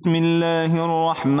بسم الله الرحمن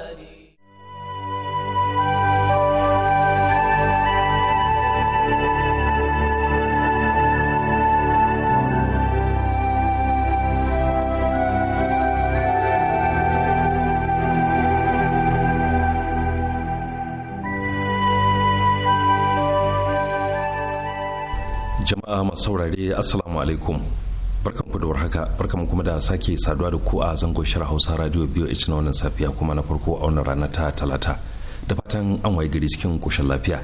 jama'a masu saurare assalamu alaikum barkan ku da warhaka barkan kuma da sake saduwa da ku a zangon shirin hausa radio biyu a na wannan safiya kuma na farko a wannan rana ta talata da fatan an waye gari cikin koshin lafiya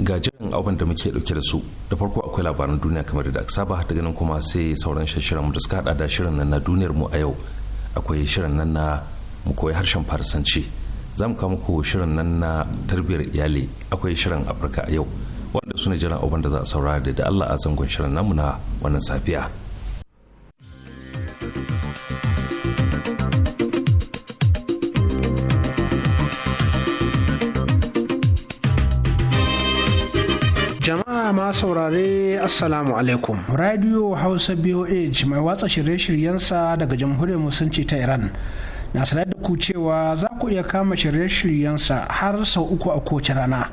ga jiran abin da muke dauke da su da farko akwai labaran duniya kamar da aka saba daga nan kuma sai sauran shirin mu da suka hada da shirin nan na duniyar mu a yau akwai shirin nan na mu koyi harshen farisanci za mu kawo muku shirin nan na tarbiyyar iyali akwai shirin afirka a yau da su ne jiran abin da za a saurara da Allah a zangon shirin namu na wannan safiya. Jama'a ma saurare Assalamu alaikum. Radio Hausa BOH mai watsa shirye-shiryensa daga Jamhuriyar Musulunci ta Iran. Na sanar da ku cewa za ku iya kama shirye-shiryensa har sau uku a kowace rana.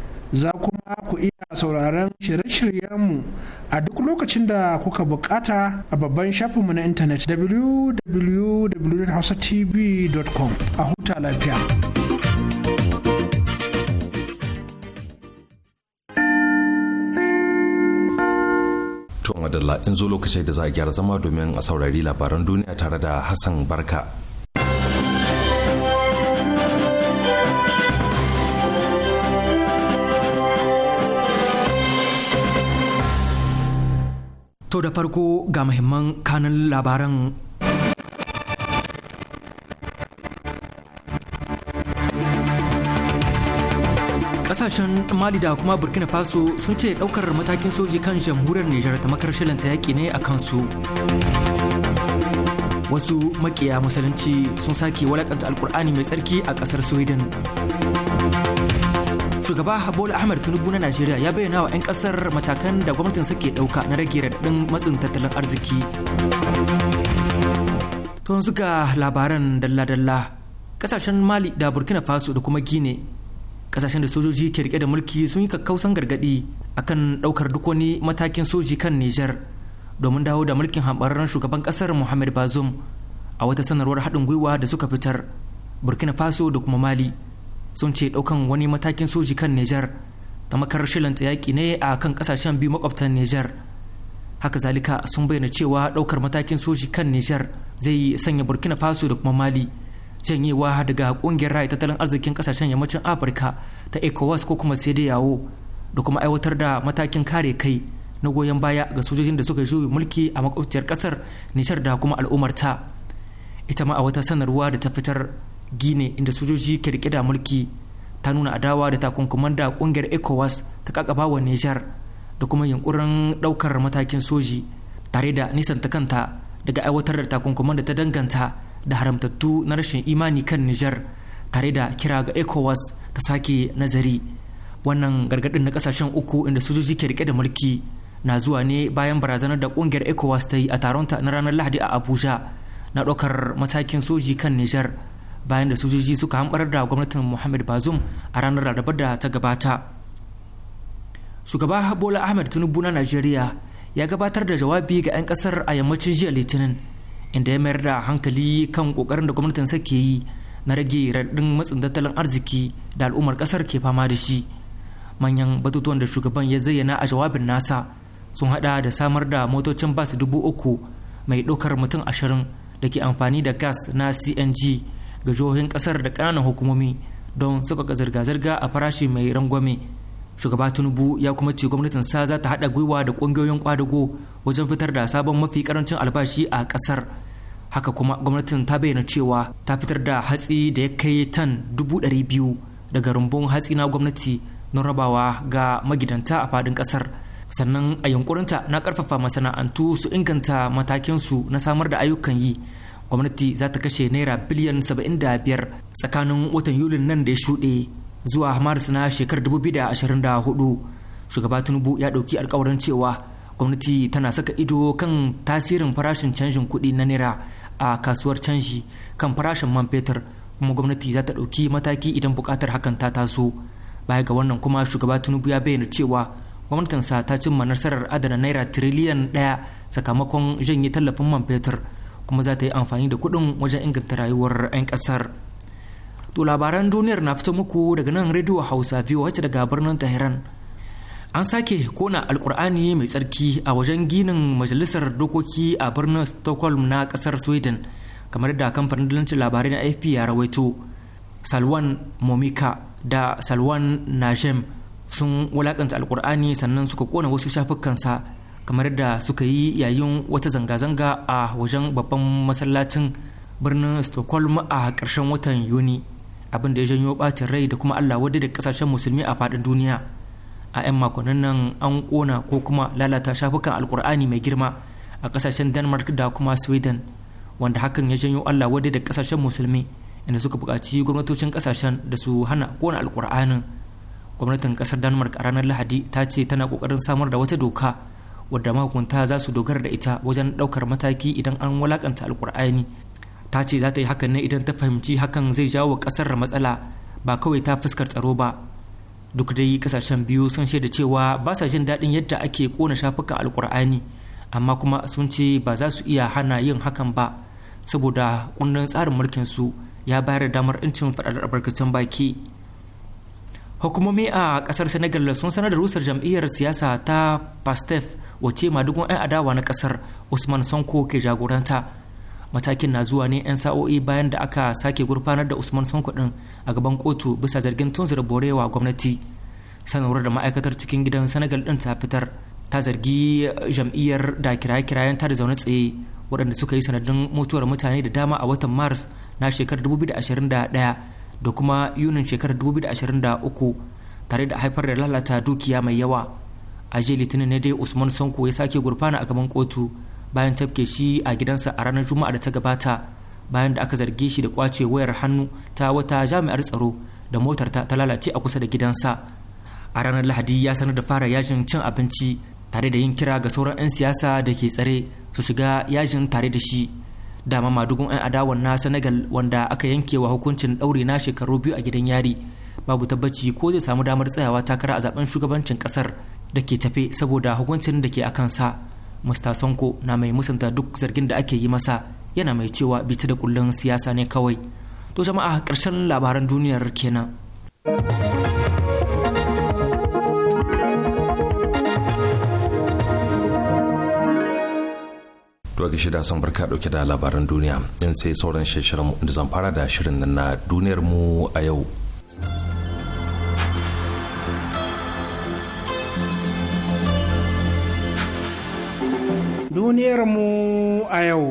za kuma ku iya sauraron shirye-shiryenmu a duk lokacin da kuka bukata a babban shafinmu na intanet www.hausatv.com a huta lafiya. tun madalla in zo lokacin da za a gyara zama domin a saurari labaran duniya tare da Hassan Barka. To da farko ga muhimman kanin labaran kasashen mali da kuma burkina faso sun ce ɗaukar matakin soji kan jamhuriyar nijar ta makar shilinta yaƙi ne a kansu wasu makiya musulunci sun sake walakanta alkur'ani mai tsarki a ƙasar sweden shugaba bola ahmed tinubu na najeriya ya bayyana wa 'yan kasar matakan da gwamnatin suke dauka na rage raɗaɗin matsin tattalin arziki to yanzu ga labaran dalla-dalla kasashen mali da burkina faso da kuma gine kasashen da sojoji ke rike da mulki sun yi kakkausan gargadi akan daukar duk wani matakin soji kan niger domin dawo da mulkin hambararren shugaban kasar muhammad bazoum a wata sanarwar haɗin gwiwa da suka fitar burkina faso da kuma mali sun ce ɗaukan wani matakin soji kan Nijar ta makarar shilanta yaƙi ne a kan ƙasashen biyu makwabtan Nijar. Haka zalika sun bayyana cewa ɗaukar matakin soji kan Nijar zai yi sanya Burkina Faso da kuma Mali janyewa daga ƙungiyar raya tattalin arzikin ƙasashen yammacin Afirka ta ECOWAS ko kuma yawo da kuma aiwatar da matakin kare kai na goyon baya ga sojojin da suka juyi mulki a makwabciyar kasar nijar da kuma al'ummarta ita ma a wata sanarwa da ta fitar gine inda sojoji ke rike da mulki ta nuna adawa da takunkuman da kungiyar ecowas ta kakaba wa nijar da kuma yunkurin daukar matakin soji tare da nisanta kanta daga aiwatar da takunkuman da ta danganta da haramtattu na rashin imani kan nijar tare da kira ga ecowas ta sake nazari wannan gargadin na kasashen uku inda sojoji ke rike da mulki na zuwa ne bayan barazanar da kungiyar ecowas ta yi a taronta na ranar lahadi a abuja na ɗaukar matakin soji kan nijar bayan da sojoji suka hambar da gwamnatin muhammad bazum a ranar larabar da ta gabata shugaba bola ahmed tinubu na najeriya ya gabatar da jawabi ga 'yan kasar a yammacin jiya litinin inda ya mayar da hankali kan kokarin da gwamnatin ke yi na rage raɗin matsin tattalin arziki da al'ummar kasar ke fama da shi manyan batutuwan da shugaban ya zayyana a jawabin nasa sun hada da samar da motocin bas dubu uku mai ɗaukar mutum ashirin da ke amfani da gas na cng ga jihohin kasar da kananan hukumomi don sauƙaƙa zirga-zirga a farashi mai rangwame shugaba tinubu ya kuma ce gwamnatin sa za ta haɗa gwiwa da ƙungiyoyin kwadago wajen fitar da sabon mafi karancin albashi a ƙasar haka kuma gwamnatin ta bayyana cewa ta fitar da hatsi da ya kai tan dubu ɗari biyu daga rumbun hatsi na gwamnati don rabawa ga magidanta a fadin ƙasar sannan a yunkurinta na ƙarfafa masana'antu su inganta matakinsu na samar da ayyukan yi gwamnati za ta kashe naira biliyan 75 tsakanin watan yulin nan da ya shuɗe zuwa maris na shekarar 2024 shugaba tinubu ya ɗauki alkawarin cewa gwamnati tana saka ido kan tasirin farashin canjin kuɗi na naira a kasuwar canji kan farashin man fetur kuma gwamnati za ta ɗauki mataki idan buƙatar hakan ta taso baya ga wannan kuma shugaba tinubu ya bayyana cewa gwamnatinsa ta cimma nasarar adana naira tiriliyan ɗaya sakamakon janye tallafin man fetur kuma za ta yi amfani da kuɗin wajen inganta rayuwar 'yan ƙasar to labaran duniyar na fito muku daga nan rediyo hausa biyu wacce daga birnin Tahiran. an sake kona alkur'ani mai tsarki a wajen ginin majalisar dokoki a birnin stockholm na ƙasar sweden kamar da kamfanin dalancin labarai na afp ya rawaito salwan momika da salwan najem sun wulakanta alkur'ani sannan suka kona wasu shafukansa kamar da suka yi yayin wata zanga-zanga a wajen babban masallacin birnin stockholm a ƙarshen watan yuni abin da ya janyo ɓacin rai da kuma allah wadda da ƙasashen musulmi a faɗin duniya a 'yan makonnin nan an ƙona ko kuma lalata shafukan alkur'ani mai girma a ƙasashen denmark da kuma sweden wanda hakan ya janyo allah wadda da ƙasashen musulmi inda suka buƙaci gwamnatocin ƙasashen da su hana ƙona alkur'anin gwamnatin ƙasar denmark a ranar lahadi ta ce tana ƙoƙarin samar da wata doka wadda mahukunta za su dogara da ita wajen ɗaukar mataki idan an walakanta alkur'ani ta ce za ta yi hakan ne idan ta fahimci hakan zai jawo wa ƙasar matsala ba kawai ta fuskar tsaro ba duk dai kasashen biyu sun shaida cewa ba sa jin daɗin yadda ake kona shafukan alkur'ani amma kuma sun ce ba za su iya hana yin hakan ba saboda kundin tsarin mulkin su ya bayar da damar incin faɗar albarkacin baki hukumomi a kasar senegal sun sanar da rusar jam'iyyar siyasa ta pastef wace madugun 'yan adawa na kasar usman sanko ke jagoranta matakin na zuwa ne 'yan sa'o'i bayan da aka sake gurfanar da usman sanko din a gaban kotu bisa zargin tunzura borewa gwamnati sanarwar da ma'aikatar cikin gidan senegal din ta fitar ta zargi jam'iyyar da kiraye-kirayen ta da zaune tsaye waɗanda suka yi sanadin mutuwar mutane da dama a watan maris na shekarar 2021 da kuma yunin shekarar 2023 tare da haifar da lalata dukiya mai yawa a jiya litinin ne dai usman sanko ya sake gurfana a gaban kotu bayan tafke shi a gidansa a ranar juma'a da ta gabata bayan da aka zarge shi da kwace wayar hannu ta wata jami'ar tsaro da motar ta lalace a kusa da gidansa a ranar lahadi ya sanar da fara yajin cin abinci tare da yin kira ga sauran 'yan siyasa da ke tsare su shiga yajin tare da shi dama madugun 'yan adawan na senegal wanda aka yanke wa hukuncin ɗaure na shekaru biyu a gidan yari babu tabbaci ko zai samu damar tsayawa takara a zaben shugabancin kasar da ke tafe saboda hukuncin da ke akan sa musta sonko na mai musanta duk zargin da ake yi masa yana mai cewa bita da kullun siyasa ne kawai to jama'a ƙarshen labaran duniyar kenan. To ga shida son barka dauke da labaran duniya in sai sauran shirin da zan fara da shirin nan na duniyar mu a yau. Duniyar mu a yau.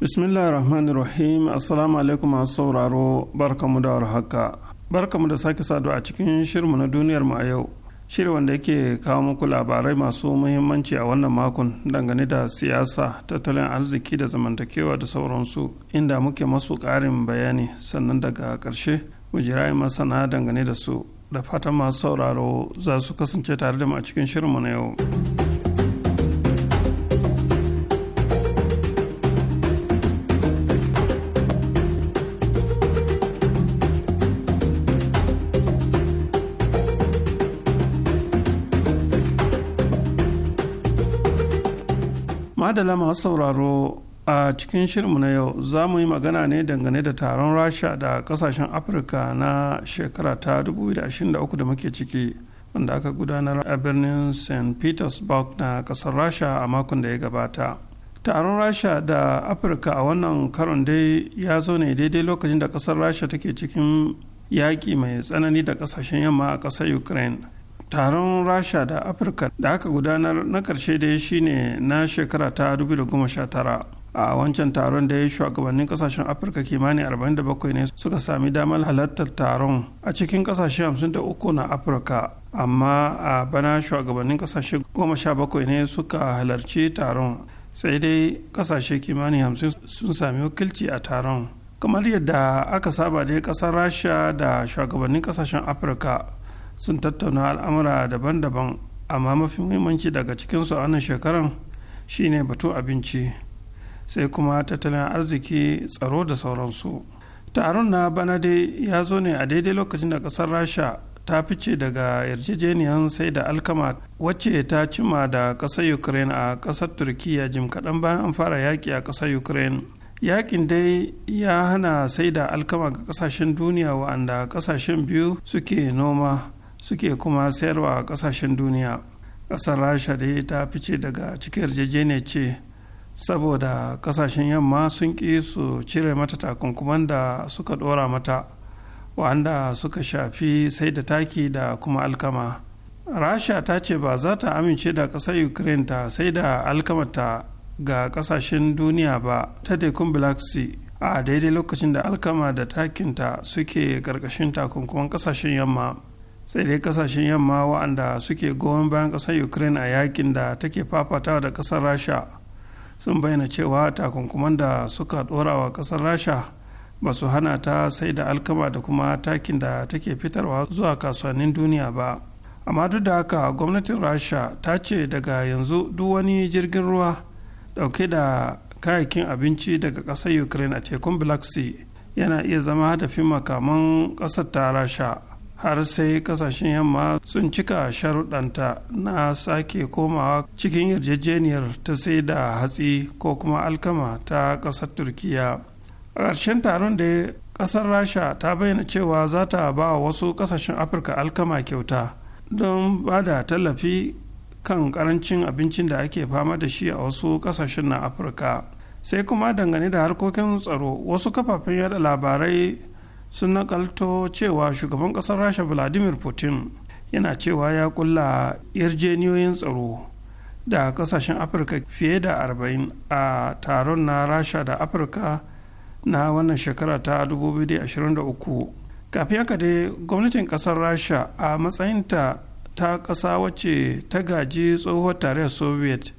Bismillah rahman rahim Assalamu alaikum masu sauraro barkamu da warhaka. Barkamu da sake saduwa a cikin shirmu na duniyar mu a yau. shirin wanda yake kawo muku labarai masu muhimmanci a wannan makon dangane da siyasa tattalin arziki da zamantakewa da sauransu inda muke masu karin bayani sannan daga karshe mu jira masana dangane da su da fatan masu sauraro za su kasance tare da mu a cikin mu na yau. da masu sauraro a cikin shirinmu na yau za mu yi magana ne dangane da taron rasha da kasashen afirka na shekara ta 2023 da muke ciki wanda aka gudanar a birnin st petersburg na kasar rasha a makon da ya gabata taron rasha da afirka a wannan karon dai ya zo ne daidai lokacin da kasar rasha take cikin yaƙi mai tsanani da kasashen yamma a ƙasar ukraine taron rasha da afirka da aka gudanar na karshe da ya shine na shekara ta 2019 a wancan taron da ya shugabannin kasashen afirka kimanin 47 ne suka sami damar halartar taron a cikin kasashe 53 na afirka amma a bana shugabannin kasashe 17 ne suka halarci taron sai dai kasashe kimanin 50 sun sami wakilci a taron kamar yadda aka saba dai kasar rasha da shugabannin kasashen afirka sun tattauna al'amura daban-daban amma mafi muhimmanci daga cikinsu a wannan shekaran shine batu abinci sai kuma tattalin arziki tsaro da sauransu taron na bana dai ya zo ne a daidai lokacin da kasar rasha ta fice daga yarjejeniyar sai da alkama wacce ta cima da kasar ukraine a kasar turkiya jim kaɗan bayan an fara yaƙi a kasar ukraine yakin dai ya hana sai da alkama ga kasashen duniya wa'anda kasashen biyu suke noma suke kuma sayarwa a kasashen duniya ƙasar rasha da ta fice daga cikin yarjejeniya ce saboda ƙasashen yamma sun ƙi su cire mata takunkuman da suka ɗora mata wanda suka shafi sai da taki da kuma alkama rasha ta ce ba za ta amince da ƙasar ukraine ta sai da alkamata ga ƙasashen duniya ba ta tekun black sea a daidai lokacin da alkama da takinta suke ƙarƙashin takunkuman ƙasashen yamma sai dai kasashen yamma wa'anda suke goyon bayan ƙasar ukraine a yakin da take fafatawa da ƙasar rasha sun bayyana cewa takunkuman da suka ɗora wa ƙasar rasha ba su hana ta sai da alkama da kuma takin da take fitarwa zuwa kasuwannin duniya ba amma duk da haka gwamnatin rasha ta ce daga yanzu duk wani jirgin ruwa ɗauke da kayayyakin abinci daga ƙasar ukraine a tekun black sea yana iya zama hadafin makaman ƙasar ta rasha har sai kasashen yamma sun cika sharuɗanta na sake komawa cikin yarjejeniyar ta sai da hatsi ko kuma alkama ta ƙasar turkiya a ƙarshen taron da ƙasar rasha ta bayyana cewa za ta ba wasu ƙasashen afirka alkama kyauta don ba da tallafi kan ƙarancin abincin da ake fama da shi a wasu ƙasashen na afirka sai kuma dangane da harkokin tsaro wasu kafafen yada labarai sun nakalto cewa shugaban kasar rasha vladimir putin yana cewa ya kulla yarjeniyoyin tsaro da kasashen afirka fiye da 40 a taron na rasha da afirka na wannan shekara ta 2023 kafin haka dai gwamnatin kasar rasha a matsayinta ta kasa wacce ta gaji tsohuwar tarayyar soviet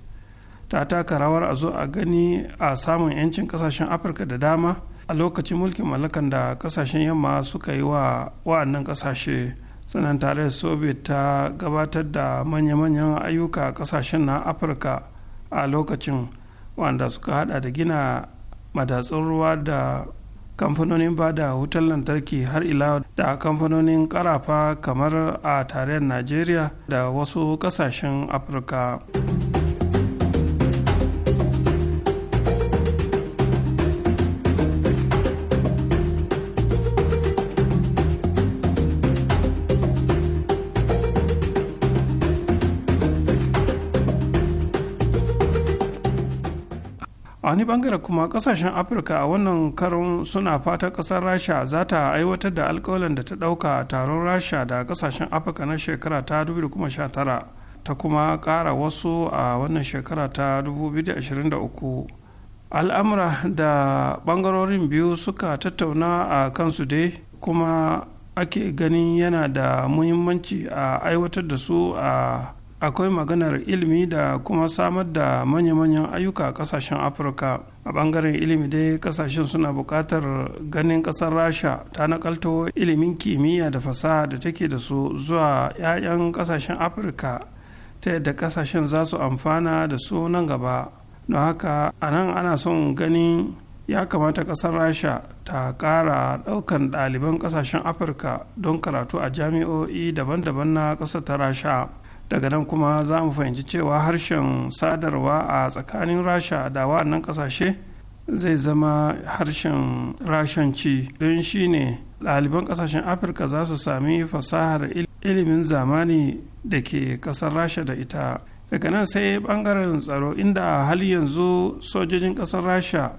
ta taka rawar a zo a gani a samun 'yancin kasashen afirka da dama a lokacin mulkin mallakan da kasashen yamma suka yi wa wa'annan kasashe sannan tare da soviet ta gabatar da manya-manyan ayyuka kasashen na afirka a lokacin wanda suka hada da gina madatsun ruwa da kamfanonin ba da wutar lantarki har ila da kamfanonin karafa kamar a tarayyar najeriya da wasu kasashen afirka. wani bangare kuma kasashen afirka a wannan karon suna fatan kasar rasha za ta aiwatar da alkawalin da ta dauka taron rasha da kasashen afirka na shekara ta 2019 ta kuma kara wasu a wannan shekara ta 2023 al'amura da bangarorin biyu suka tattauna a kansu dai kuma ake ganin yana da muhimmanci a aiwatar da su a akwai maganar ilimi da kuma samar da manya-manyan ayyuka a kasashen afirka a bangaren ilimi dai kasashen suna buƙatar ganin ƙasar rasha ta nakalto ilimin kimiyya da fasaha da take da su zuwa 'ya'yan kasashen afirka ta yadda kasashen za su amfana da su nan gaba don haka a nan ana son ganin ya kamata kasar rasha ta ƙara ɗaukan ɗaliban kasashen afirka don karatu a jami'o'i daban-daban na ƙasar ta rasha daga nan kuma za mu fahimci cewa harshen sadarwa a tsakanin rasha da wa'annan kasashe zai zama harshen rashanci don shine ɗaliban ƙasashen afirka za su sami fasahar ilimin zamani da ke ƙasar rasha da ita daga nan sai ɓangaren tsaro inda a hali yanzu sojojin ƙasar rasha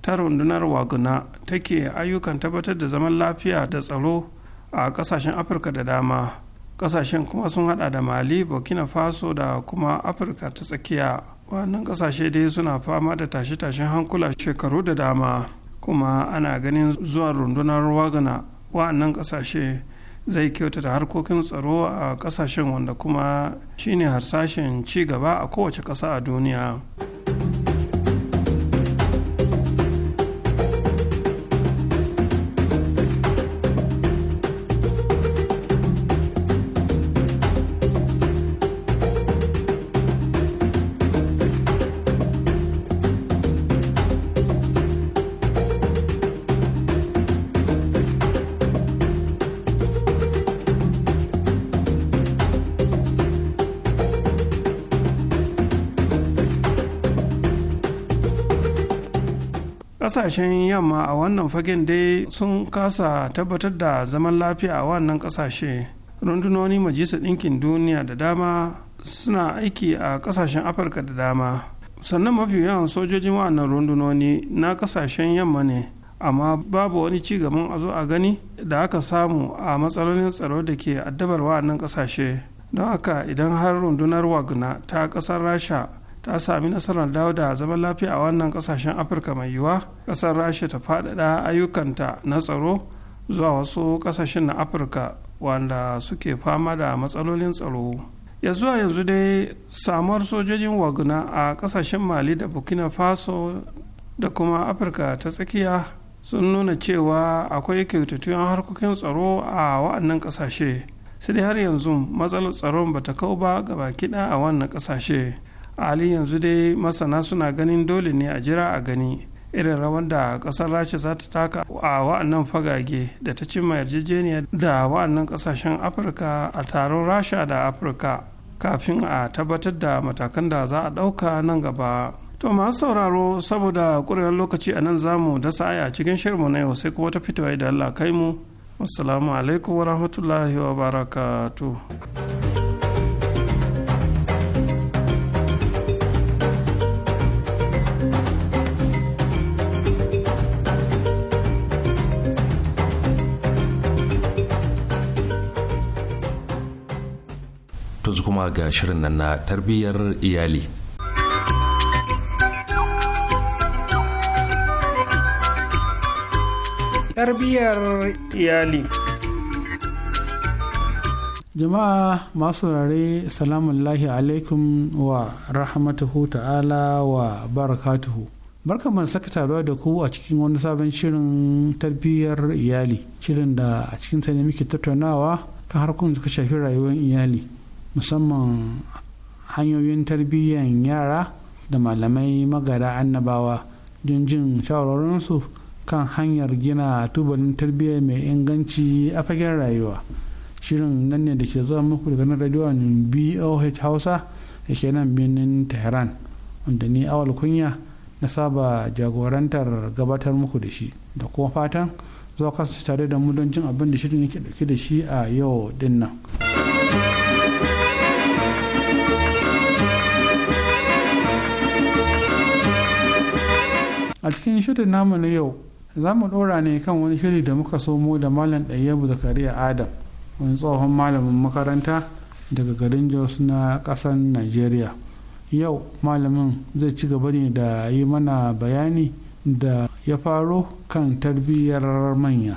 ta rundunar waguna take ayyukan tabbatar da zaman lafiya da tsaro a ƙasashen afirka da dama kasashen kuma sun hada da mali burkina faso da kuma afirka ta tsakiya wannan kasashe dai suna fama da tashe-tashen hankula shekaru da dama kuma ana ganin zuwa rundunar wagana wa'annan kasashe zai kyautata harkokin tsaro a kasashen wanda kuma shine harsashen ci gaba a kowace ƙasa a duniya. kasashen yamma a wannan fagen dai sun kasa tabbatar da zaman lafiya a wannan kasashe rundunoni majalisar ɗinkin duniya da dama suna aiki a kasashen afirka da dama sannan mafi yawan sojojin wannan rundunoni na kasashen yamma ne amma babu wani ci gaban a zo a gani da aka samu a matsalolin tsaro da ke addabar wa'annan kasashe don haka idan har rundunar wagna ta ƙasar rasha ta sami nasarar dawo da zaman lafiya a wannan kasashen afirka mai yiwuwa kasar rasha ta faɗaɗa ayyukanta na tsaro zuwa wasu kasashen na afirka wanda suke fama da matsalolin tsaro ya zuwa yanzu dai samuwar sojojin waguna a kasashen mali da burkina faso da kuma afirka ta tsakiya sun nuna cewa akwai kyautattun harkokin tsaro a wa'annan kasashe sai dai har yanzu matsalar tsaron ba ta kau ba gaba kiɗa a wannan kasashe ali yanzu dai masana suna ganin dole ne a jira a gani irin rawan da kasar rasha za ta taka a wa'annan fagage da ta cimma yarjejeniya da wa'annan kasashen afirka a taron rasha da afirka kafin a tabbatar da matakan da za a ɗauka nan gaba to masu sauraro saboda ƙuriyar lokaci a nan zamu dasa a cikin shirmu na yau sai kuma ta fitowa da allah kai mu assalamu alaikum wa rahmatullahi wa to kuma ga shirin nan na tarbiyyar iyali tarbiyyar iyali jama'a masu rare salamullahi alaikum wa rahmatuhu ta'ala wa barakatuhu barka man saka taruwa da ku a cikin wani sabon shirin tarbiyyar iyali shirin da a cikin ne muke tattaunawa kan harkokin da suka shafi rayuwar iyali musamman hanyoyin tarbiyyar yara da malamai magada annabawa don jin su kan hanyar gina tubalin tarbiyya mai inganci a fagen rayuwa shirin nan ne da ke zuwa muku daga nan radiyon boh hausa da ke nan birnin tehran wanda ni awal kunya na saba jagorantar gabatar muku da shi da kuma fatan zuwa kasance tare da mu don jin abin da shirin yake dauke da shi a yau dinnan. a cikin shirin namu na yau za mu dora ne kan wani shiri da muka somo da malam ɗayyabu zakariya adam wani tsohon malamin makaranta daga garin jos na ƙasar nigeria yau malamin zai ci gaba ne da yi mana bayani da ya faro kan tarbiyyar manya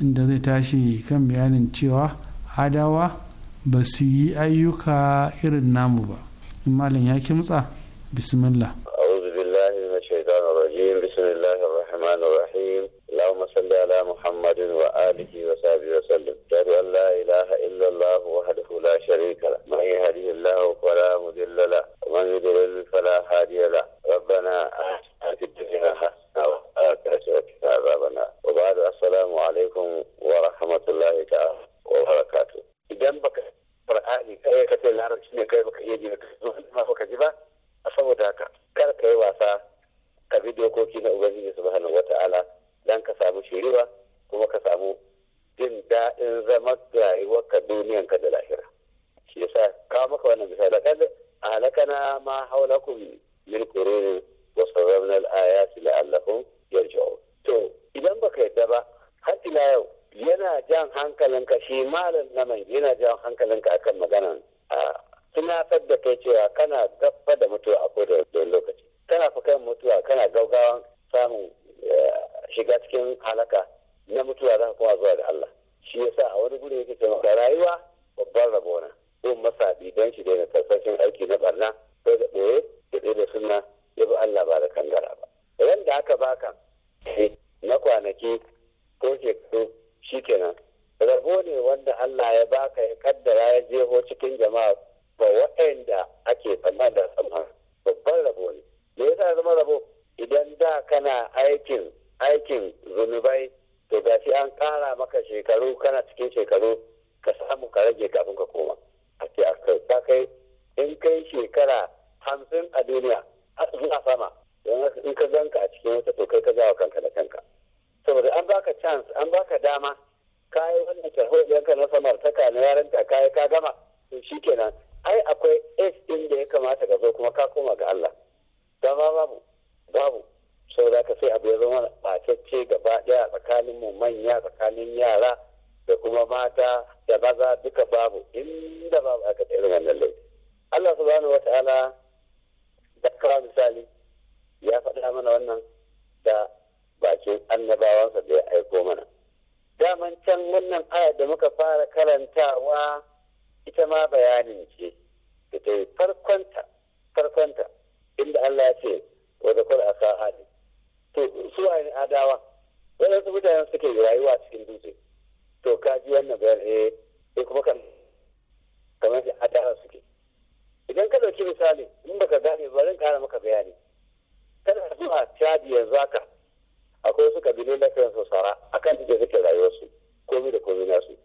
inda zai tashi kan bayanin cewa adawa ba su yi ayyuka irin namu ba malam ya kimtsa bismillah وآله وصحبه وسلم أشهد أن لا إله إلا الله وحده لا شريك له من يهده الله فلا مضل له ومن يضلل فلا هادي له ربنا آتنا في الدنيا حسنة وفي عذابنا وبعد السلام عليكم ورحمة الله تعالى وبركاته إذا بك Qur'ani kai ka ce larabci ne kai baka iya ji ka zuwa baka ji ba saboda haka kar ka yi wasa ka bi dokoki na Ubangiji subhanahu wata'ala dan ka samu shiriwa kuma ka samu jin daɗin zama duniyan ka da lahira shi yasa kawo maka wannan misali kan ahlakana ma haulakum min kurun wa sarrafna ayati la'allakum yarji'un to idan baka yadda ba har ila yau yana jan hankalinka shi malam naman yana jan hankalinka akan maganan a tunatar da kai cewa kana gaba da mutuwa a koda lokaci kana fa kan mutuwa kana gaugawan samun eh, shiga cikin halaka na mutuwa za ka kowa zuwa da Allah shi yasa a wani guri yake cewa rayuwa babban rabo na masa masaɗi don shi daina karkashin aiki na barna sai da ɓoye da ɗaya da suna ya bi Allah ba da kangara ba idan da aka baka na kwanaki ko shekaru shi kenan rabo ne wanda Allah ya baka ya kaddara ya jeho cikin jama'a ba waɗanda ake tsammani da tsammani babban rabo ne me yasa zama rabo idan da kana aikin aikin zunubai to ga shi an kara maka shekaru kana cikin shekaru ka samu ka rage kafin ka koma a ce kai in kai shekara hamsin a duniya har zuwa sama in ka zanka a cikin wata to kai ka zawa kanka da kanka saboda an baka chance an baka dama ka yi wannan tarhoɗiyanka na samartaka na yaranta ka ka gama to shikenan ai akwai age din da ya kamata ka zo kuma ka koma ga Allah dama babu babu sau da ka sai abu ya zama ɓatacce gaba ɗaya tsakanin mu manya tsakanin yara da kuma mata da maza duka babu inda babu aka tsaye wannan laifi Allah subhanahu wa ta'ala da kawo misali ya faɗa mana wannan da bakin annabawansa da ya aiko mana daman can wannan aya da muka fara karantawa ita ma bayanin ce da ta farkonta farkonta inda Allah ya ce wa zakar aka hadin to su a yin adawa su mutane suke rayuwa cikin dutse to ka ji wannan bayan eh E, kuma kan kamar da adawa suke idan ka dauki misali in baka gane ba zan ƙara maka bayani kana zuwa cadi yanzu haka akwai wasu kabilu na su sara a kan da suke rayuwarsu komi da komi nasu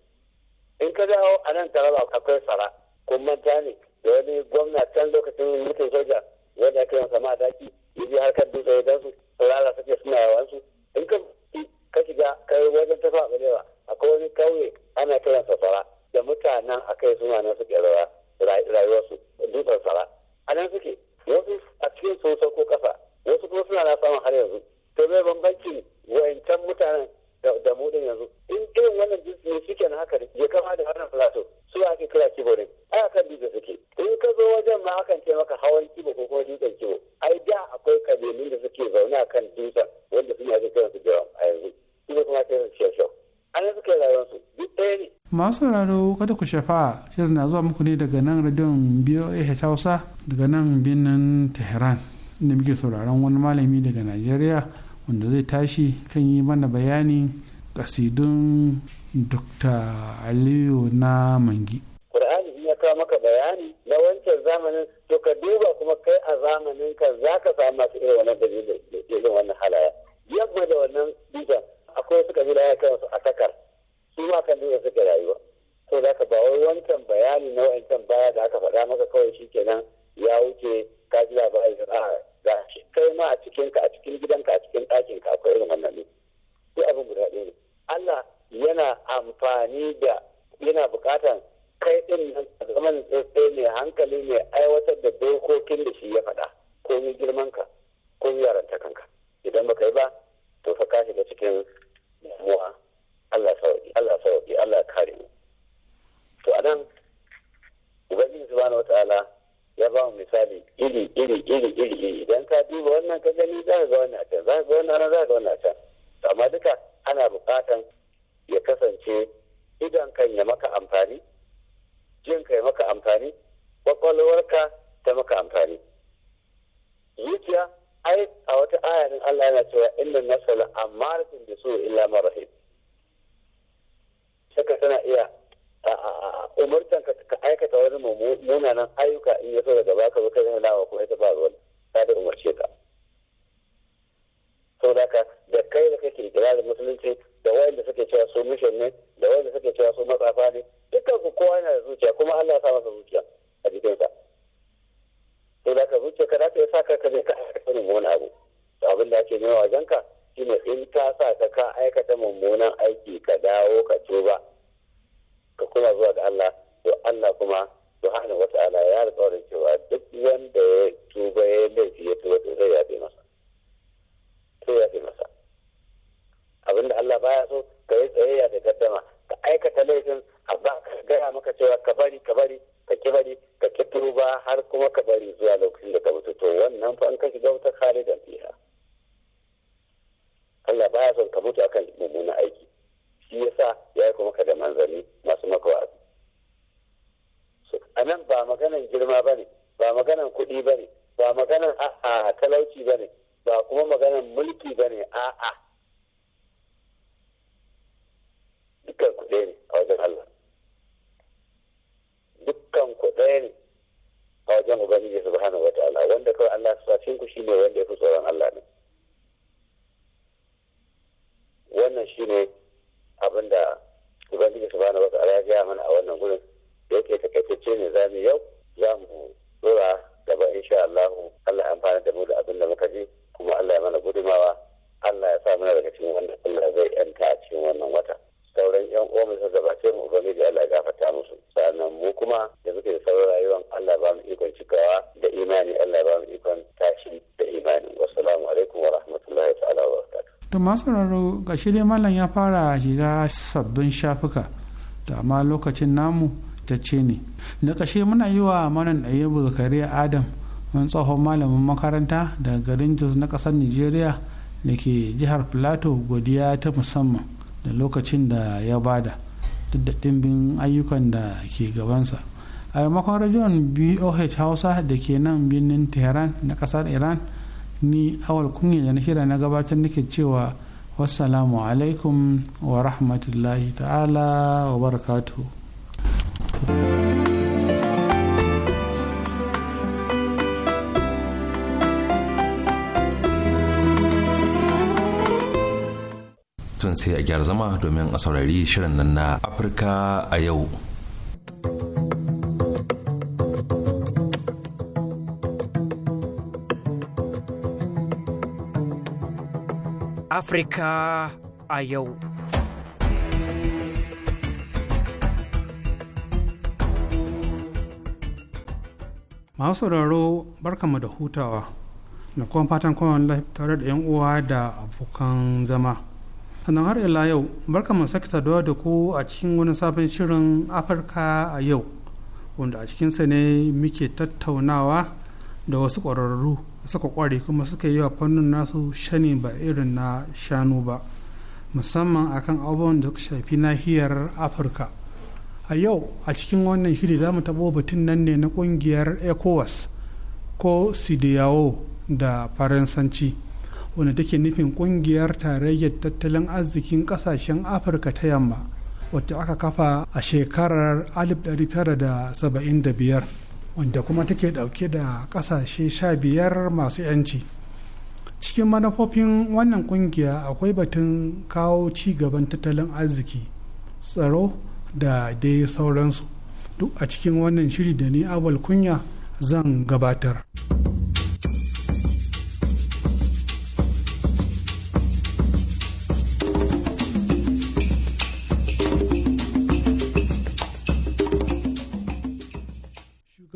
in ka dawo a nan taraba akwai sara kun manta ne da wani gwamna can lokacin mutum soja wanda ya kiransa ma daki ya je harkar dutse ya dansu rana suke suna su in ka ka shiga kai wajen tafa a akwai wani kauye ana kiran safara da mutanen a kai suna nan suke su dutsen sara a nan suke wasu a cikin su sauko kasa wasu kuma suna na samun har yanzu to mai bambancin wayancan mutanen da mu yanzu in irin wannan jinsi ne shi kenan haka ne ya kama da wannan plateau su ake kira kibo ne ai akan dutse suke in ka zo wajen ma akan ce maka hawan kibo ko kuma dutsen kibo ai da akwai kabilun da suke zaune a kan dutsen wanda su ne ake kiran su jawa a yanzu kuma kuma ta yi shau an yi suka rayuwar su duk ɗaya ne. masu sauraro kada ku shafa shirin na zuwa muku ne daga nan radiyon boa hausa daga nan birnin tehran inda muke sauraron wani malami daga najeriya wanda zai tashi kan yi mana bayani kasidun dr aliyu na mangi ƙur'ani ya kawo maka bayani na wancan zamanin to ka duba kuma kai a zamanin ka za ka samu masu irin wannan dalilin irin wannan halaya yamma da wannan duba akwai suka kabila ya kansu a takar su ma kan duba suka rayuwa to za ka ba wai wancan bayani na wancan baya da aka faɗa maka kawai shi kenan ya wuce ka ji labarin a ga kai ma a cikin ka a cikin gidanka a cikin ɗakinka akwai irin wannan ne duk abin guda ɗaya ne Allah yana amfani da yana buƙatan kai ɗin nan a zaman tsaye ne hankali ne aiwatar da dokokin da shi ya faɗa ko ni ka ko yaranta kanka idan baka yi ba cikin ku shine wanda ya fi tsoron Allah ne wannan ne amma raro ga shirya malam ya fara shiga sabbin shafuka da amma lokacin namu ta ce ne da kashe muna yi wa manan ayyabu zakariya adam wani tsohon malamin makaranta da garin jos na kasar nigeria da ke jihar plateau godiya ta musamman da lokacin da ya bada duk da ɗimbin ayyukan da ke gabansa a maimakon rajon boh hausa da ke nan birnin tehran na kasar iran ni awal kunya da na hira na gabatar nake cewa wassalamu alaikum wa rahmatullahi ta'ala wa barakatu tun sai a gyara zama domin a saurari shirin nan na afirka a yau Afirka a yau. Masu sauraro barkanmu da hutawa da kuma fatan kowane tare da 'yan uwa da abokan zama. Sannan har ila yau barkanmu sake saduwa da ku a cikin wani sabon shirin Afirka a yau wanda a cikinsa ne muke tattaunawa da wasu ƙwararru suka kware kuma suka yi wa fannin nasu shani ba irin na shanu ba musamman akan abubuwan da suka shafi nahiyar afirka a yau a cikin wannan shiri za mu tabo batun nan ne na ƙungiyar ecowas ko sidiyawo da faransanci wanda take nufin ƙungiyar tarayyar tattalin arzikin ƙasashen afirka ta yamma wacce aka kafa a shekarar 1975 wanda kuma take dauke da kasashe sha biyar masu yanci cikin manufofin wannan kungiya akwai batun kawo ci gaban tattalin arziki tsaro da dai sauransu duk a cikin wannan shiri da ni abal kunya zan gabatar.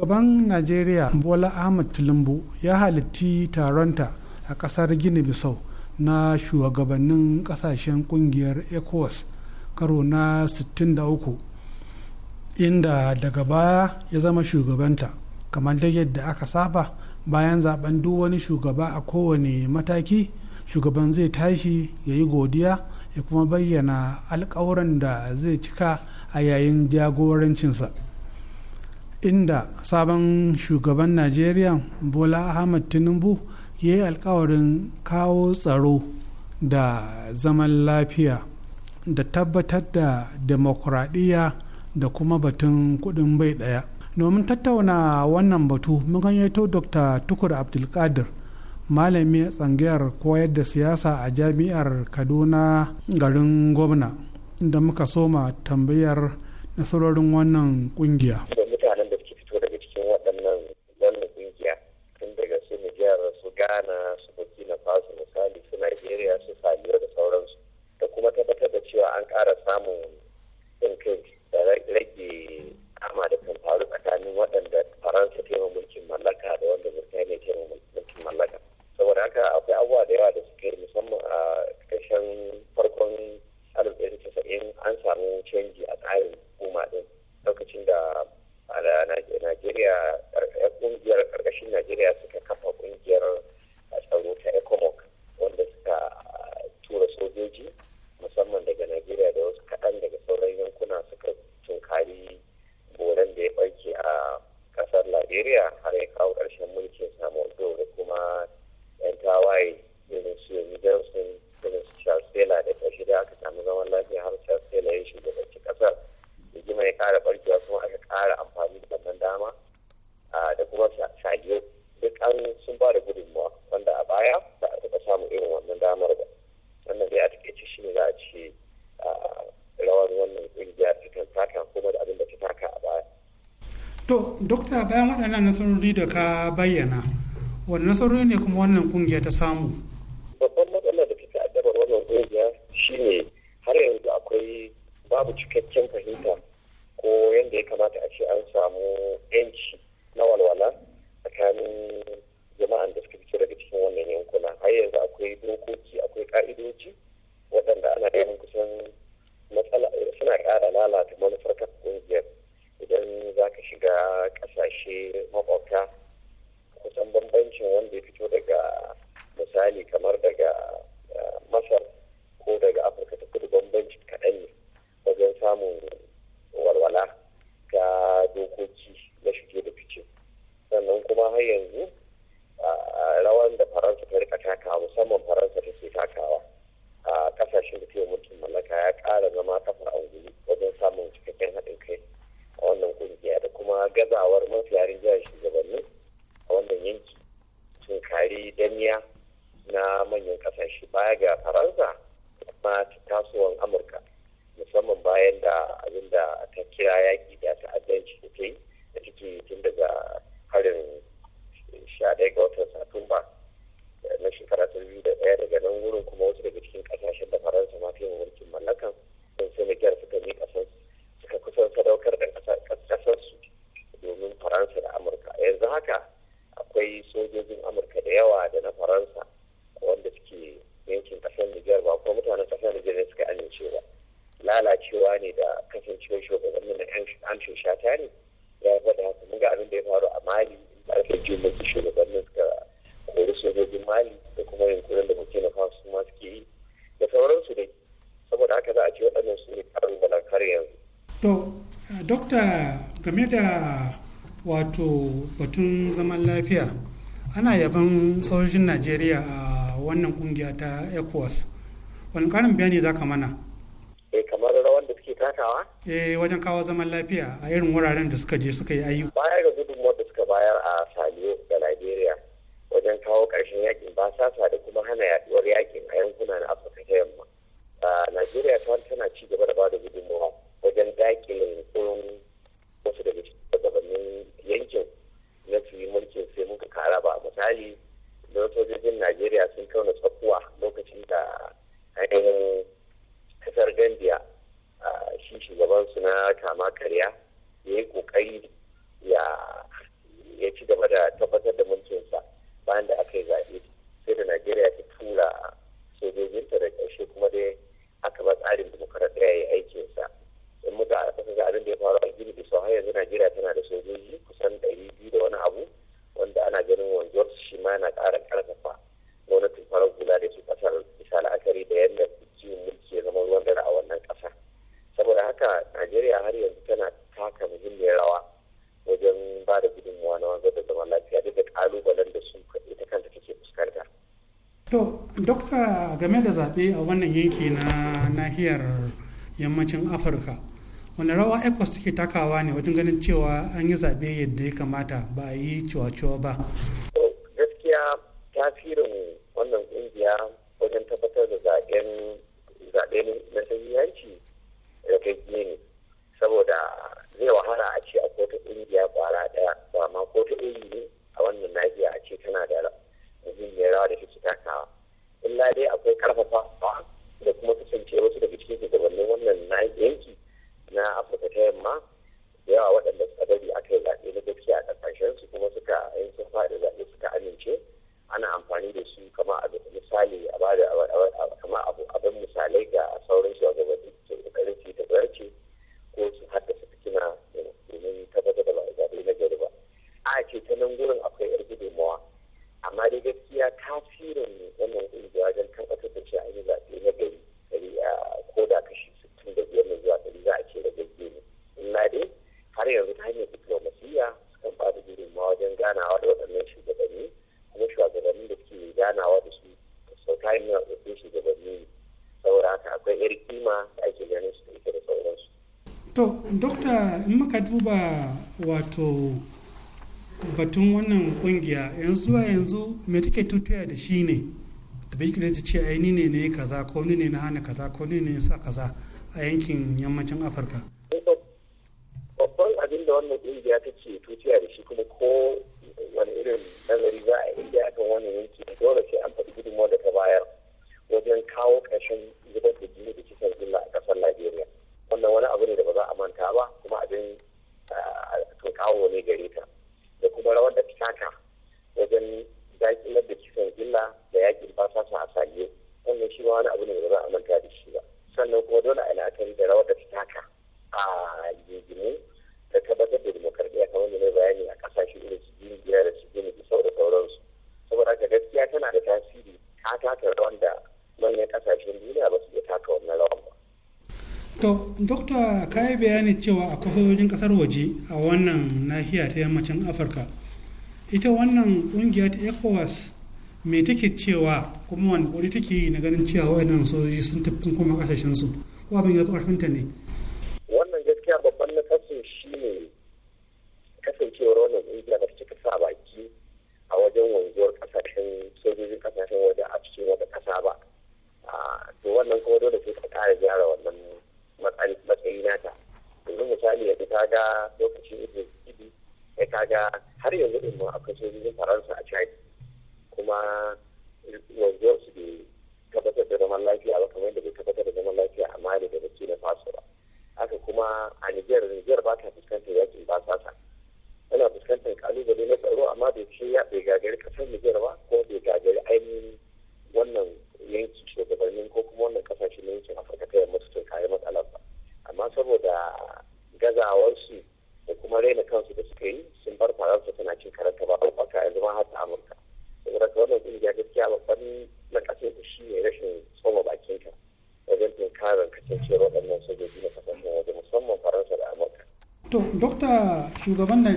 Gaban Najeriya Bola Ahmed Tulumbu ya halitti taronta a ƙasar Gini Bisau na shugabannin ƙasashen ƙungiyar ECOWAS karo na 63 inda daga baya ya zama shugabanta kamar da yadda aka saba bayan zaben duk wani shugaba a kowane mataki shugaban zai tashi ya yi godiya ya kuma bayyana alkawuran da zai cika a yayin jagorancinsa. inda sabon shugaban najeriya bola ahmad tinubu ya yi alkawarin kawo tsaro da zaman lafiya da tabbatar da demokuraɗiyya da kuma batun kudin bai ɗaya domin tattauna wannan batu mun to dr tukur abdulkadir malami a tsangiyar koyar da siyasa a jami'ar kaduna garin gwamna da muka soma tambayar nasarorin wannan kungiya. estamos waɗannan nasarori da ka bayyana wani nasarori ne kuma wannan kungiya ta samu babban matsalar da take addabar wannan kungiya shine har yanzu akwai babu cikakken fahimta da wato batun zaman lafiya ana yaban sojojin najeriya a wannan kungiya ta ecowas wani karin bayani za ka mana eh kamar rawan da suke takawa eh wajen kawo zaman lafiya a irin wuraren da suka je suka yi ayyuka baya ga gudunmuwar da suka bayar a saliyo da najeriya wajen kawo karshen yakin basasa da kuma hana yaduwar yakin a yankuna na afirka ta yamma ah, najeriya ta tana ci gaba da bada gudunmawa wajen daki sojojin najeriya sun tauna tsakuwa lokacin da ainihin kasar gambia shi shugabansu na kama karya zaɓe a wannan yanki na nahiyar yammacin afirka wani rawa ecos take takawa ne wajen ganin cewa an yi zaɓe yadda ya kamata ba a yi cewa ba duba wato batun wannan kungiya yanzu a yanzu me take tutuya da shi ne da bai ta ce ai ni ne ne kaza ko ni ne na hana kaza ko ni ne sa kaza a yankin yammacin afirka cewa akwai sojojin kasar waje a wannan nahiya ta yammacin afirka ita wannan kungiya ta ecowas mai take cewa kuma wani kuri take yi na ganin cewa wayannan sojoji sun tafi kuma kasashen su ko abin ya fi ne ɗin ma a kasar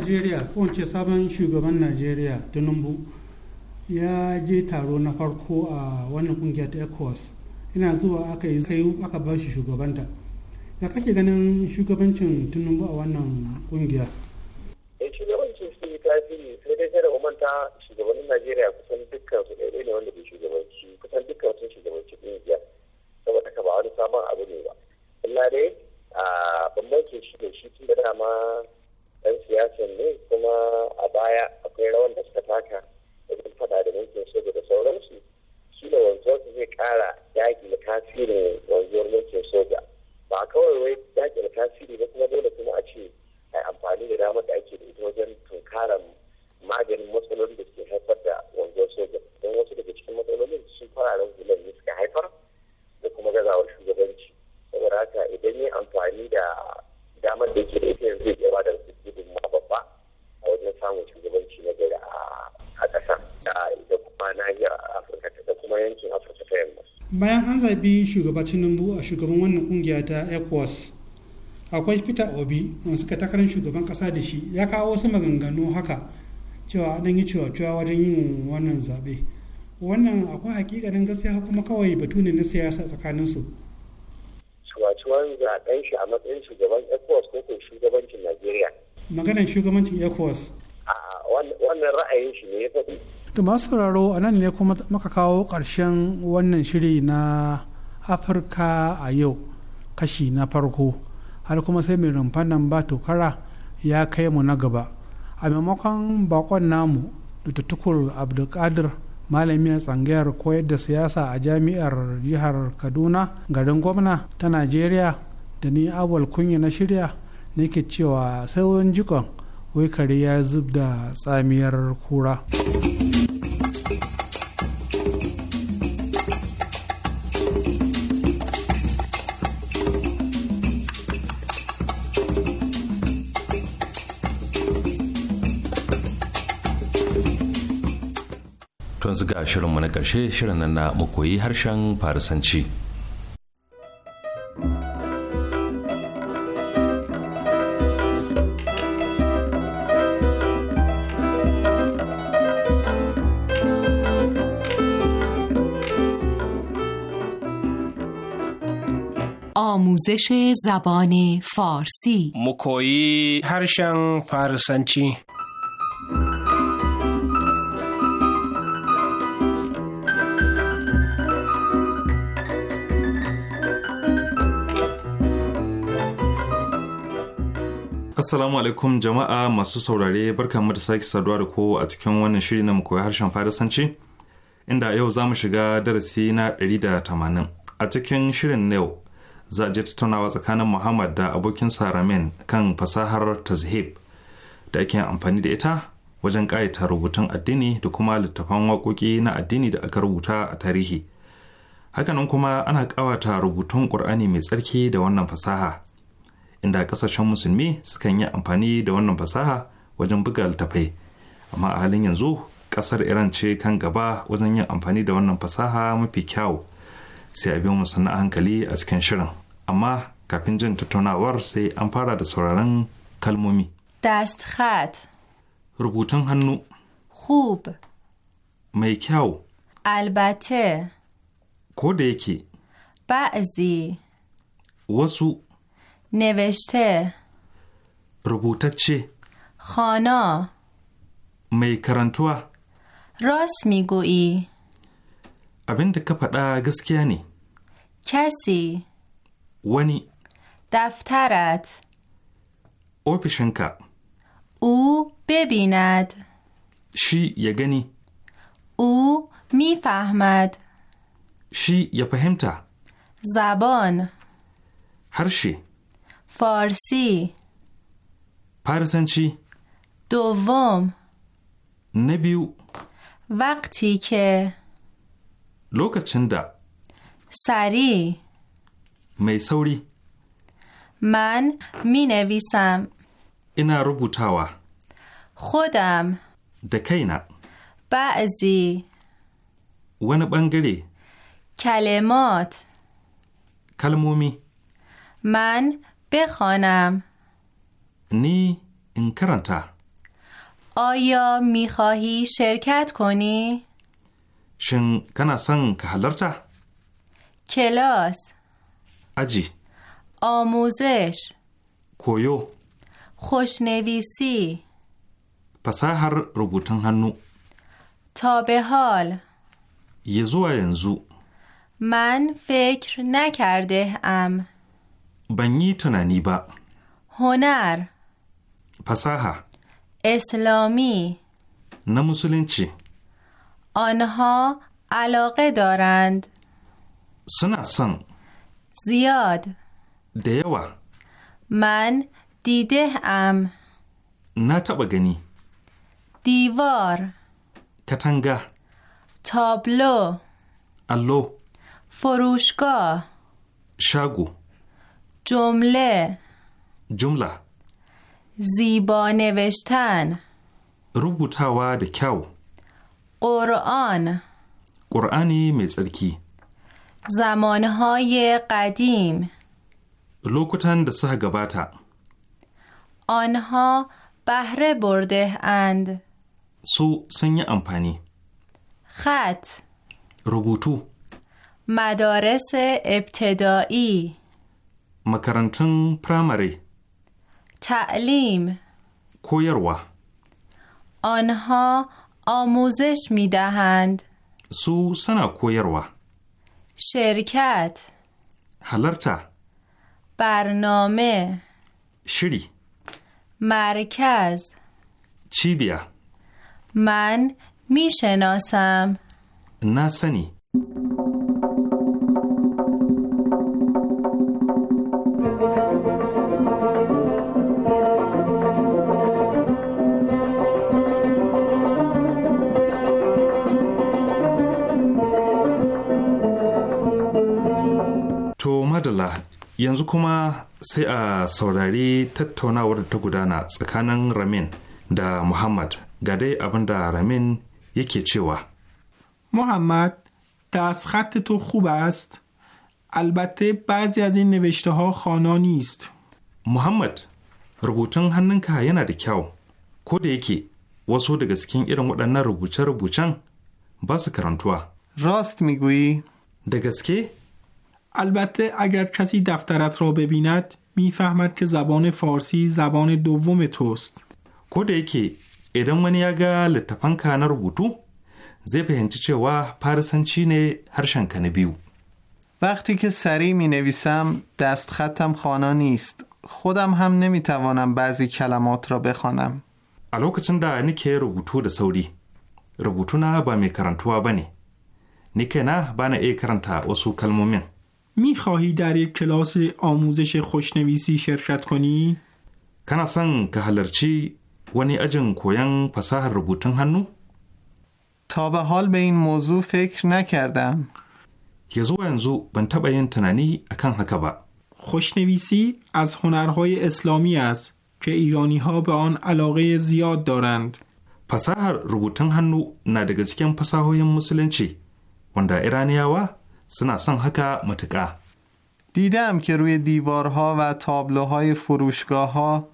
najeriya ko ce sabon shugaban najeriya tinubu ya je taro na farko a wannan kungiyar ta ecowas ina zuwa aka yi aka ba shi shugabanta ya kake ganin shugabancin tinubu a wannan kungiyar. zaɓi shugaba tinubu a shugaban wannan kungiya ta ecowas akwai peter obi wanda suka takarar shugaban ƙasa da shi ya kawo wasu maganganu haka cewa nan yi cewa wajen yin wannan zaɓe wannan akwai hakikanin gaskiya kuma kawai batu ne na siyasa tsakanin su cuwacuwan zaɓen shi a matsayin shugaban ecowas ko kuma shugabancin najeriya maganar shugabancin ecowas wannan ra'ayin shi ne ya faɗi da masu sauraro a nan ne kuma muka kawo ƙarshen wannan shiri na afirka a yau kashi na farko har kuma sai mai rumfan nan ba tokara ya kai mu na gaba a maimakon bakon namu da tukur abdulkadir malami a tsangayar koyar da siyasa a jami'ar jihar kaduna garin gwamna ta najeriya da ni awal kunya na shirya nake cewa sai wani jikon wai kare ya zub da tsamiyar kura. da shirinmu na ƙarshe shirin nan na koyi harshen farisanci. آموزش زبان فارسی مکویی هرشن فارسنچی Assalamu alaikum jama'a masu saurare barka mu da sake saduwa da ko a cikin wannan shiri na koyi harshen Farisanci inda yau za mu shiga darasi na ɗari da tamanin A cikin shirin na yau za a je tattaunawa tsakanin Muhammad da abokin saramin kan fasahar tazhib da ake amfani da ita wajen ƙayata rubutun addini da kuma littafan waƙoƙi na addini da aka rubuta a tarihi. Hakanan kuma ana ƙawata rubutun Ƙur'ani mai tsarki da wannan fasaha. inda kasashen musulmi sukan yi amfani da wannan fasaha wajen buga littafai amma a halin yanzu kasar iran ce kan gaba wajen yin amfani da wannan fasaha mafi kyau sai a biyo musanna hankali a cikin shirin amma kafin jin tattaunawar sai an fara da sauraron kalmomi dast rubutun hannu hub mai kyau albate ko da yake ba'azi wasu نوشته چی؟ خانا می کرنتوه راست میگویی ابین که پدا گسکیانی. نی کسی ونی دفترت پیشنکا او ببیند شی یگنی او میفهمد شی یا زبان زبان هرشی فارسی چی؟ دوم نبیو وقتی که لوک چند سری میسوری. من می نویسم اینا بوتاوا خودم دکینا بعضی ون کلمات کلمومی من بخوانم نی این آیا میخواهی شرکت کنی؟ شن کنا سن که حلرتا؟ کلاس اجی آموزش کویو خوشنویسی هر روبوتن هنو تا به حال یزو اینزو. من فکر نکرده ام بنی تو ننی هنر پساها اسلامی نه چی؟ آنها علاقه دارند سنا سن زیاد دیوا من دیده ام نه گنی دیوار کتنگه تابلو الو فروشگاه شاگو جمله جمله زیبا نوشتن روبوتاوا و کیو قرآن قرآنی می سرکی زمانهای قدیم لوکتن ده سه گباتا آنها بهره برده اند سو سنی امپانی خط روبوتو مدارس ابتدایی مکرانتن پرامری تعلیم کویروا آنها آموزش می دهند سو سنا کویروا شرکت هلرتا برنامه شری مرکز چی بیا من میشناسم نسنی yanzu kuma sai a saurari tattaunawar ta gudana tsakanin ramin da muhammad ga dai abin da ramin yake cewa muhammad ta خط تو خوب است البته بعضی از این نوشته ها خوانا نیست محمد rubutun hannunka yana da kyau ko da yake wasu daga cikin irin waɗannan rubuce-rubucen ba su karantuwa. Rost migoyi. Da gaske? البته اگر کسی دفترت را ببیند میفهمد که زبان فارسی زبان دوم توست کد که ادم من اگر تپان کان رو بودو ضپ هنچی چه وه پرسن چین هر بیو وقتی که سریع می نویسم دست خطم خانا نیست خودم هم نمی توانم بعضی کلمات را بخوانم الو که چند دعنی که روبوتو در سوری ربوتو نه با می کرن تو نیکه نه با ای کرن تا کلمومین میخواهی در یک کلاس آموزش خوشنویسی شرکت کنی؟ سن که هلرچی ونی اجن کویان پساه روبوتن هنو؟ تا به حال به این موضوع فکر نکردم یزو انزو بن تبا تنانی اکن حکبا خوشنویسی از هنرهای اسلامی است که ایرانی ها به آن علاقه زیاد دارند پسه روبوتن هنو ندگزکن پسه های مسلنچی ونده ایرانی ها سنا سن حکا متکا دیدم که روی دیوارها و تابلوهای فروشگاه ها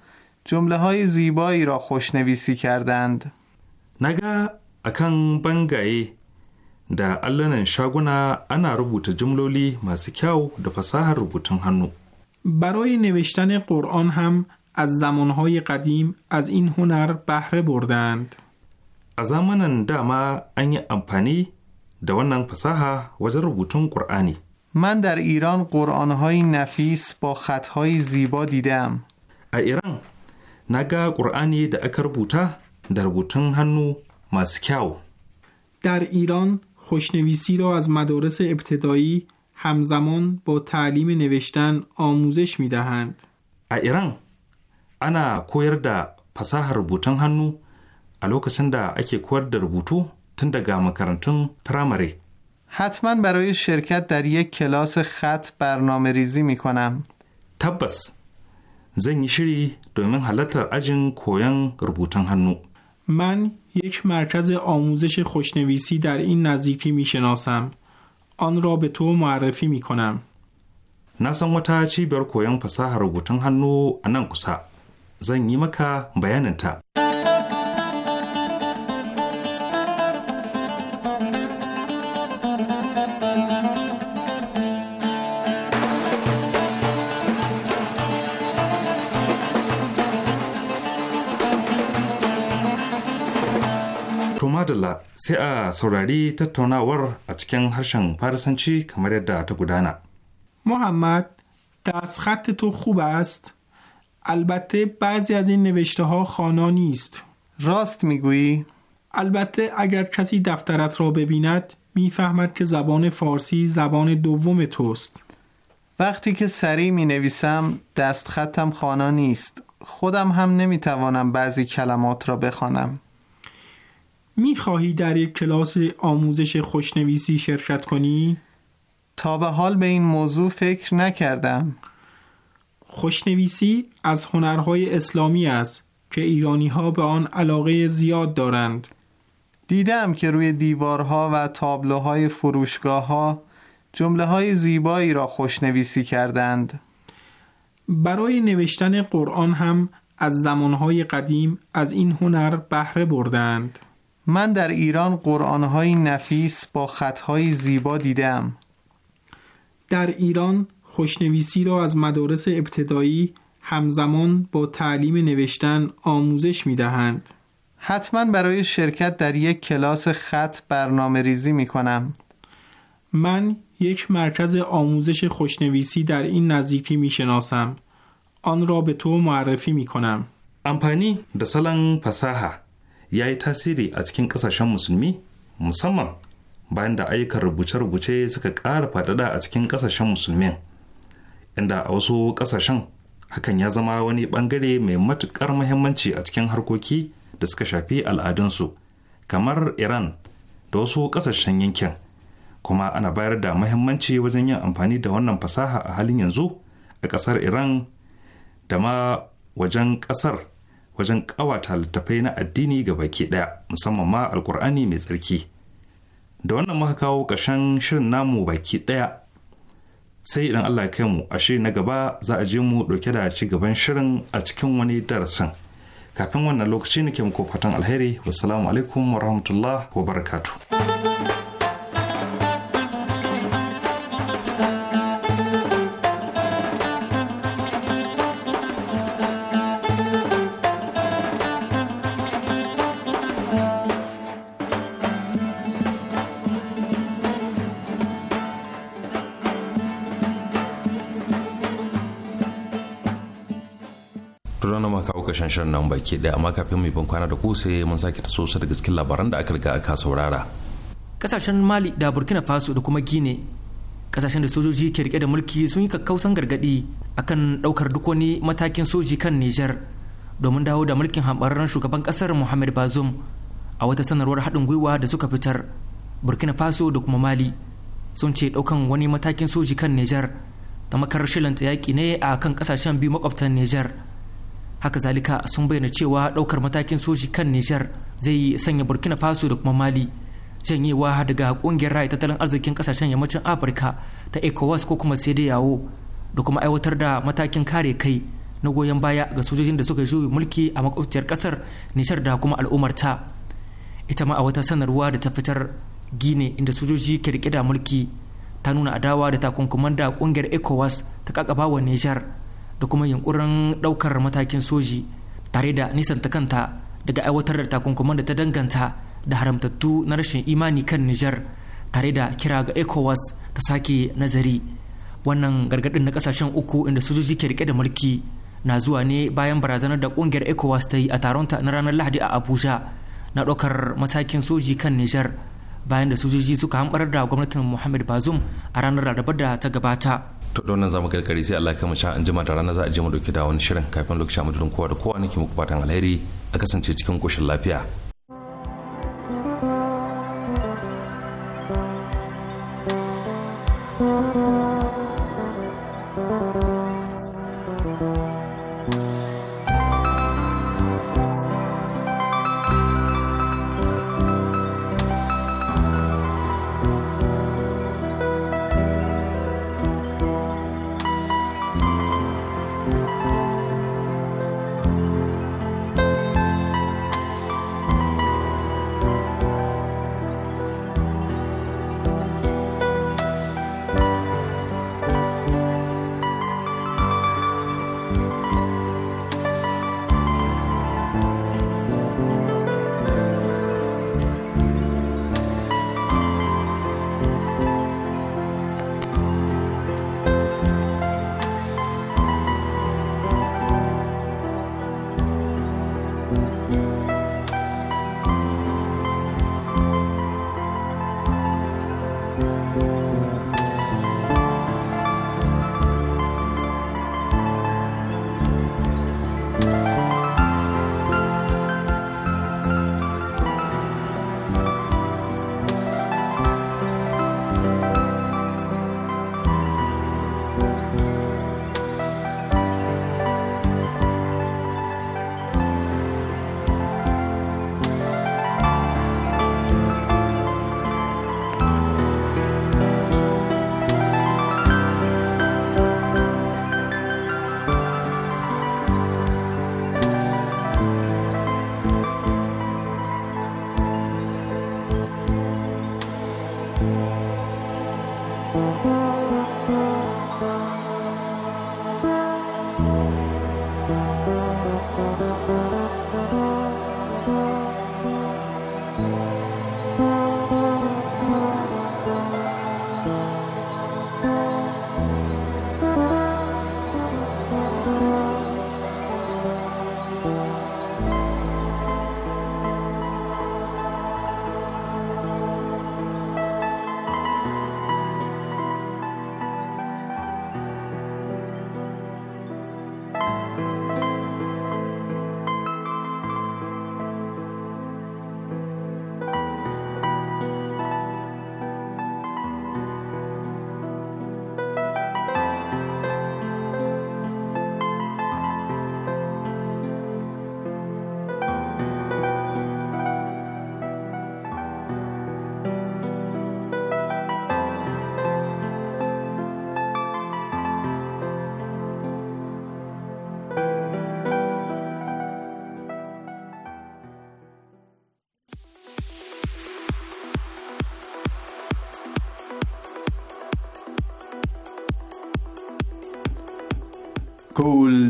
جمله های زیبایی را خوشنویسی کردند نگا اکن بنگای da اللنن shaguna انا rubuta جملولی masu kyau da fasahar rubutun برای نوشتن قرآن هم از زمانهای قدیم از این هنر بهره بردند. از زمان دما an امپانی، من در ایران قرآنهای نفیس با خطهای زیبا دیدم. ایران نگا قرآنی دا اکر در بوتن هنو مسکیاو. در ایران خوشنویسی را از مدارس ابتدایی همزمان با تعلیم نوشتن آموزش می دهند. ایران انا کویر دا پساه ربوتن هنو الو اکی کویر دا ربوتو پرامری حتما برای شرکت در یک کلاس خط برنامه ریزی می کنم. تبس زن شری دومین حالت اجن کویان ربوتن هنو من یک مرکز آموزش خوشنویسی در این نزدیکی می شناسم. آن را به تو معرفی می کنم. نسان تا چی بر کویان پسا ربوتن هنو انان کسا. زن مکه maka تا sai a saurari tattaunawar a cikin harshen Farisanci محمد دست تو خوب است البته بعضی از این نوشته ها خانا نیست راست میگویی البته اگر کسی دفترت را ببیند میفهمد که زبان فارسی زبان دوم توست وقتی که سریع می نویسم دست خطم خوانا نیست خودم هم نمی توانم بعضی کلمات را بخوانم میخواهی در یک کلاس آموزش خوشنویسی شرکت کنی؟ تا به حال به این موضوع فکر نکردم خوشنویسی از هنرهای اسلامی است که ایرانی ها به آن علاقه زیاد دارند دیدم که روی دیوارها و تابلوهای فروشگاه ها جمله های زیبایی را خوشنویسی کردند برای نوشتن قرآن هم از زمانهای قدیم از این هنر بهره بردند من در ایران های نفیس با خطهای زیبا دیدم در ایران خوشنویسی را از مدارس ابتدایی همزمان با تعلیم نوشتن آموزش می دهند. حتما برای شرکت در یک کلاس خط برنامه ریزی می کنم. من یک مرکز آموزش خوشنویسی در این نزدیکی می شناسم. آن را به تو معرفی می کنم. امپانی دسالن پساها ya yi tasiri a cikin kasashen musulmi musamman bayan da ayyukan rubuce-rubuce suka ƙara faɗaɗa a cikin kasashen musulmin inda a wasu kasashen hakan ya zama wani ɓangare mai matuƙar muhimmanci a cikin harkoki da suka shafi al'adunsu kamar iran da wasu kasashen yankin kuma ana bayar da muhimmanci wajen yin amfani da wannan fasaha a halin yanzu a ƙasar iran da ma wajen ƙasar wajen ƙawata littattafai na addini ga baki ɗaya musamman ma alkur'ani mai tsarki da wannan muka kawo ƙarshen shirin namu baki ɗaya sai idan allah kai mu a shiri na gaba za a je mu ɗauke da ci gaban shirin a cikin wani darasin kafin wannan lokaci nake muku fatan alheri wassalamu alaikum warahmatullah wabarakatuh nan baki daya amma kafin mu ban kwana da ku sai mun sake ta so da cikin labaran da aka riga aka saurara. Kasashen Mali da Burkina Faso da kuma Gine kasashen da sojoji ke rike da mulki sun yi kakkausan gargadi akan daukar duk wani matakin soji kan niger domin dawo da mulkin hambararren shugaban kasar Muhammad Bazoum a wata sanarwar haɗin gwiwa da suka fitar Burkina Faso da kuma Mali sun ce daukan wani matakin soji kan niger ta makarar shilanta yaƙi ne a kan kasashen biyu makwabtan niger. haka zalika sun bayyana cewa ɗaukar matakin soji kan nijar zai sanya burkina faso da kuma mali janyewa daga kungiyar raya tattalin arzikin kasashen yammacin afirka ta ecowas ko kuma sai yawo da kuma aiwatar da matakin kare kai na goyon baya ga sojojin da suka juyi mulki a makwabciyar kasar nijar da kuma al'ummarta ita ma a wata sanarwa da ta fitar gine inda sojoji ke rike da mulki ta nuna adawa da takunkuman da kungiyar ecowas ta kakaba wa nijar da kuma yunkurin daukar matakin soji tare da nisanta kanta daga aiwatar da takunkuman da ta danganta da haramtattu na rashin imani kan Nijar tare da kira ga ECOWAS ta sake nazari. Wannan gargadin na ƙasashen uku inda sojoji ke rike da mulki na zuwa ne bayan barazanar da ƙungiyar ECOWAS ta yi a taron ta na ranar Lahadi a Abuja na ɗaukar matakin soji kan Nijar bayan da sojoji suka hambar da gwamnatin Muhammad Bazoum a ranar Larabar da ta gabata. to don nan zamu gargari sai Allah ya kama an jima da rana za a je mu dauki da wani shirin kafin lokacin mu kowa da kowa nake muku fatan alheri a kasance cikin koshin lafiya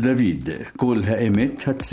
David, kolla emet hat